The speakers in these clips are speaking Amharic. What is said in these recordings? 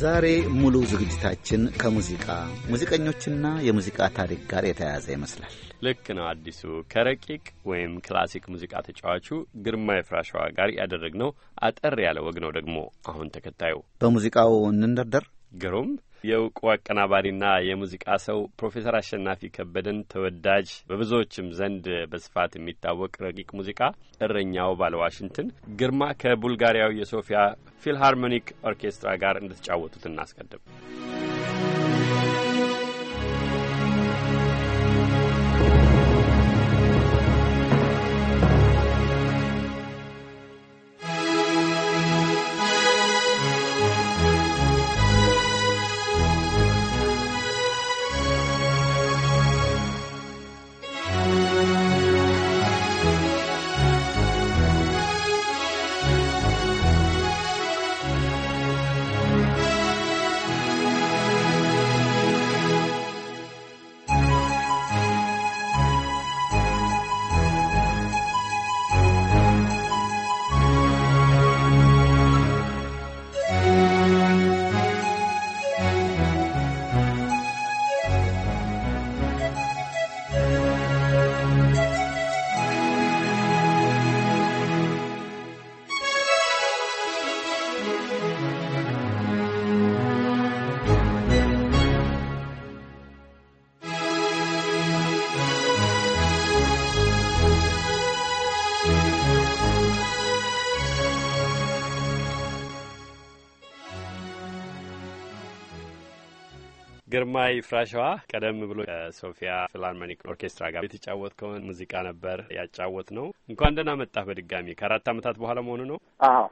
ዛሬ ሙሉ ዝግጅታችን ከሙዚቃ ሙዚቀኞችና የሙዚቃ ታሪክ ጋር የተያያዘ ይመስላል። ልክ ነው አዲሱ። ከረቂቅ ወይም ክላሲክ ሙዚቃ ተጫዋቹ ግርማ የፍራሸዋ ጋር ያደረግነው አጠር ያለ ወግ ነው ደግሞ አሁን ተከታዩ። በሙዚቃው እንንደርደር። ግሩም የእውቁ አቀናባሪና የሙዚቃ ሰው ፕሮፌሰር አሸናፊ ከበደን ተወዳጅ በብዙዎችም ዘንድ በስፋት የሚታወቅ ረቂቅ ሙዚቃ እረኛው ባለ ዋሽንትን ግርማ ከቡልጋሪያው የሶፊያ ፊልሃርሞኒክ ኦርኬስትራ ጋር እንደተጫወቱት እናስቀድም። ግርማይ ፍራሸዋ ቀደም ብሎ ከሶፊያ ፊላርሞኒክ ኦርኬስትራ ጋር የተጫወትከውን ሙዚቃ ነበር ያጫወት ነው። እንኳን ደህና መጣህ በድጋሚ ከአራት ዓመታት በኋላ መሆኑ ነው። አዎ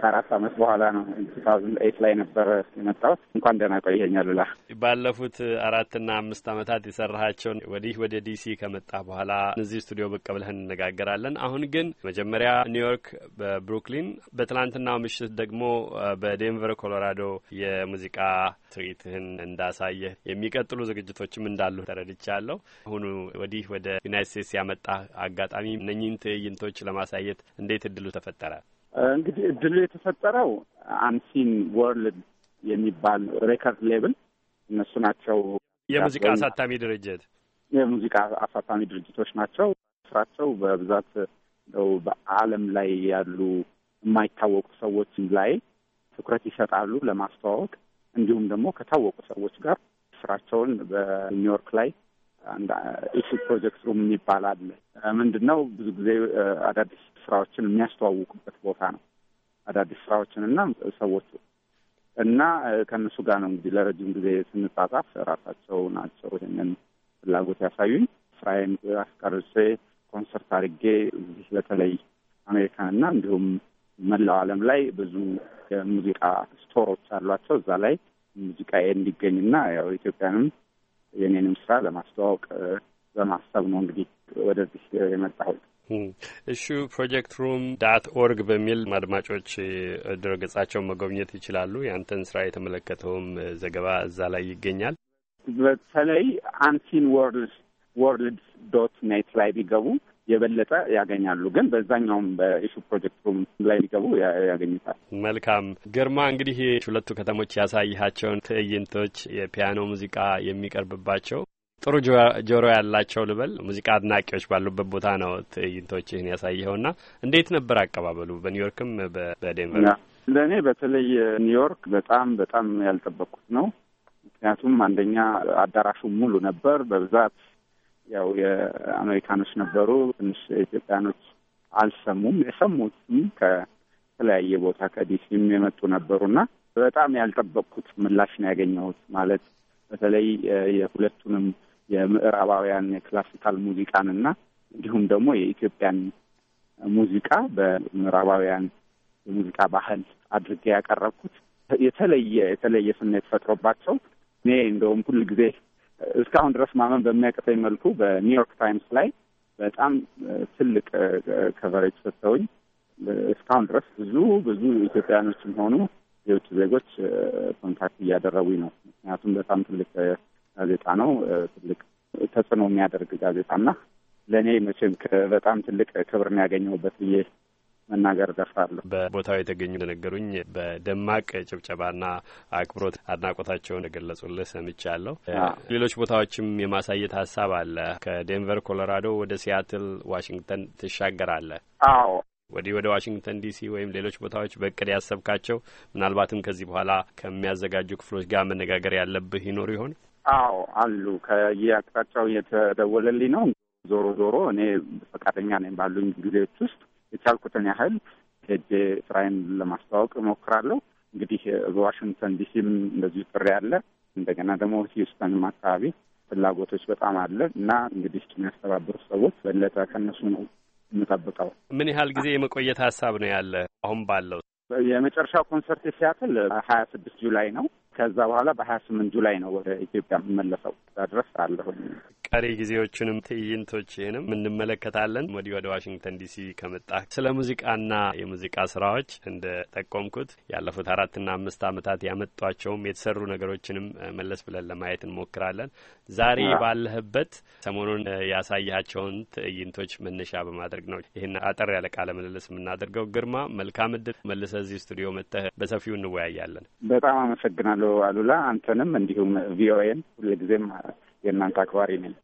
ከአራት አመት በኋላ ነው ቱ ታውዝንድ ኤይት ላይ ነበረ የመጣሁት። እንኳን ደህና ቆየኝ ሉላ። ባለፉት አራትና አምስት አመታት የሰራሃቸውን ወዲህ ወደ ዲሲ ከመጣ በኋላ እነዚህ ስቱዲዮ ብቅ ብለህ እንነጋገራለን። አሁን ግን መጀመሪያ ኒውዮርክ በብሩክሊን፣ በትላንትናው ምሽት ደግሞ በዴንቨር ኮሎራዶ የሙዚቃ ትርኢትህን እንዳሳየህ የሚቀጥሉ ዝግጅቶችም እንዳሉ ተረድቻለሁ። አሁኑ ወዲህ ወደ ዩናይት ስቴትስ ያመጣ አጋጣሚ እነኚህን ትዕይንቶች ለማሳየት እንዴት እድሉ ተፈጠረ? እንግዲህ እድሉ የተፈጠረው አንሲን ወርልድ የሚባል ሬከርድ ሌብል እነሱ ናቸው። የሙዚቃ አሳታሚ ድርጅት የሙዚቃ አሳታሚ ድርጅቶች ናቸው። ስራቸው በብዛት ው በዓለም ላይ ያሉ የማይታወቁ ሰዎች ላይ ትኩረት ይሰጣሉ ለማስተዋወቅ እንዲሁም ደግሞ ከታወቁ ሰዎች ጋር ስራቸውን በኒውዮርክ ላይ አንድ ፕሮጀክት ሩም የሚባል አለ። ምንድን ነው ብዙ ጊዜ አዳዲስ ስራዎችን የሚያስተዋውቁበት ቦታ ነው። አዳዲስ ስራዎችን እና ሰዎቹ እና ከእነሱ ጋር ነው እንግዲህ ለረጅም ጊዜ ስንጻጻፍ ራሳቸው ናቸው ይህንን ፍላጎት ያሳዩኝ። ስራዬን አስቀርጬ ኮንሰርት አድርጌ እዚህ በተለይ አሜሪካን እና እንዲሁም መላው ዓለም ላይ ብዙ የሙዚቃ ስቶሮች አሏቸው። እዛ ላይ ሙዚቃዬ እንዲገኝና ያው ኢትዮጵያንም የኔንም ስራ ለማስተዋወቅ በማሰብ ነው እንግዲህ ወደዚህ የመጣሁት። እሹ ፕሮጀክት ሩም ዳት ኦርግ በሚል አድማጮች ድረ ገጻቸውን መጎብኘት ይችላሉ። ያንተን ስራ የተመለከተውም ዘገባ እዛ ላይ ይገኛል። በተለይ አንቲን ወርልድ ዶት ኔት ላይ ቢገቡ የበለጠ ያገኛሉ። ግን በዛኛውም በኢሹ ፕሮጀክት ሩም ላይ ሊገቡ ያገኙታል። መልካም ግርማ፣ እንግዲህ ሁለቱ ከተሞች ያሳይሃቸውን ትዕይንቶች የፒያኖ ሙዚቃ የሚቀርብባቸው ጥሩ ጆሮ ያላቸው ልበል ሙዚቃ አድናቂዎች ባሉበት ቦታ ነው ትዕይንቶችህን ያሳየኸውና እንዴት ነበር አቀባበሉ በኒውዮርክም በዴንቨር? ለእኔ በተለይ ኒውዮርክ በጣም በጣም ያልጠበቅኩት ነው። ምክንያቱም አንደኛ አዳራሹ ሙሉ ነበር። በብዛት ያው የአሜሪካኖች ነበሩ። ትንሽ ኢትዮጵያኖች አልሰሙም። የሰሙትም ከተለያየ ቦታ ከዲሲም የመጡ ነበሩና በጣም ያልጠበቅኩት ምላሽ ነው ያገኘሁት። ማለት በተለይ የሁለቱንም የምዕራባውያን የክላሲካል ሙዚቃን ሙዚቃንና እንዲሁም ደግሞ የኢትዮጵያን ሙዚቃ በምዕራባውያን የሙዚቃ ባህል አድርጌ ያቀረብኩት የተለየ የተለየ ስሜት ፈጥሮባቸው እኔ እንደውም ሁል ጊዜ እስካሁን ድረስ ማመን በሚያቅተኝ መልኩ በኒውዮርክ ታይምስ ላይ በጣም ትልቅ ከቨሬጅ ሰጥተውኝ እስካሁን ድረስ ብዙ ብዙ ኢትዮጵያውያኖችም ሆኑ የውጭ ዜጎች ኮንታክት እያደረጉኝ ነው። ምክንያቱም በጣም ትልቅ ጋዜጣ ነው፣ ትልቅ ተጽዕኖ የሚያደርግ ጋዜጣ እና ለእኔ መቼም በጣም ትልቅ ክብር ነው ያገኘሁበት ብዬ መናገር ደፍራለሁ። በቦታው የተገኙ እንደነገሩኝ በደማቅ ጭብጨባና አክብሮት አድናቆታቸውን የገለጹልህ ሰምቻለሁ። ሌሎች ቦታዎችም የማሳየት ሀሳብ አለ። ከዴንቨር ኮሎራዶ ወደ ሲያትል ዋሽንግተን ትሻገራለህ። አዎ ወዲህ ወደ ዋሽንግተን ዲሲ ወይም ሌሎች ቦታዎች በእቅድ ያሰብካቸው ምናልባትም ከዚህ በኋላ ከሚያዘጋጁ ክፍሎች ጋር መነጋገር ያለብህ ይኖሩ ይሆን? አዎ አሉ። ከየአቅጣጫው እየተደወለልኝ ነው። ዞሮ ዞሮ እኔ ፈቃደኛ ነኝ ባሉኝ ጊዜዎች ውስጥ የቻልኩትን ያህል ሄጄ ስራዬን ለማስተዋወቅ እሞክራለሁ። እንግዲህ በዋሽንግተን ዲሲም እንደዚሁ ጥሪ አለ። እንደገና ደግሞ ሂውስተንም አካባቢ ፍላጎቶች በጣም አለ እና እንግዲህ የሚያስተባብሩ ሰዎች በለጠ ከነሱ ነው የምጠብቀው። ምን ያህል ጊዜ የመቆየት ሀሳብ ነው ያለ? አሁን ባለው የመጨረሻው ኮንሰርት ሲያትል ሀያ ስድስት ጁላይ ነው። ከዛ በኋላ በሀያ ስምንት ጁላይ ነው ወደ ኢትዮጵያ የምመለሰው። ድረስ አለሁ። ቀሪ ጊዜዎቹንም ትዕይንቶችህንም እንመለከታለን። ወዲህ ወደ ዋሽንግተን ዲሲ ከመጣ ስለ ሙዚቃና የሙዚቃ ስራዎች እንደ ጠቆምኩት ያለፉት አራትና አምስት አመታት ያመጧቸውም የተሰሩ ነገሮችንም መለስ ብለን ለማየት እንሞክራለን። ዛሬ ባለህበት ሰሞኑን ያሳያቸውን ትዕይንቶች መነሻ በማድረግ ነው ይህን አጠር ያለ ቃለ ምልልስ የምናደርገው። ግርማ መልካም እድል። መልሰ እዚህ ስቱዲዮ መጥተህ በሰፊው እንወያያለን። በጣም አመሰግናለሁ። አሉላ አንተንም እንዲሁም ቪኦኤን ሁልጊዜም የእናንተ አክባሪ ነኝ።